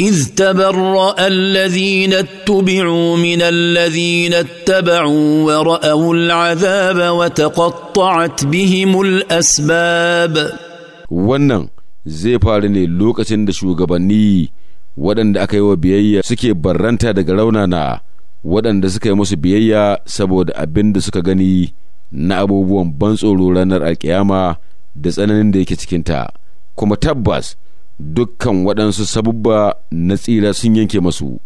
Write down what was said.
اذ تبرا الذين اتبعوا من الذين اتبعوا وراوا العذاب وتقطعت بهم الاسباب wannan zai faru ne lokacin da shugabanni waɗanda aka yi wa biyayya suke barranta daga raunana waɗanda suka yi musu biyayya saboda abin da suka gani na abubuwan ban tsoro ranar alkiyama da tsananin da yake cikinta kuma tabbas dukkan waɗansu sabubba na tsira sun yanke masu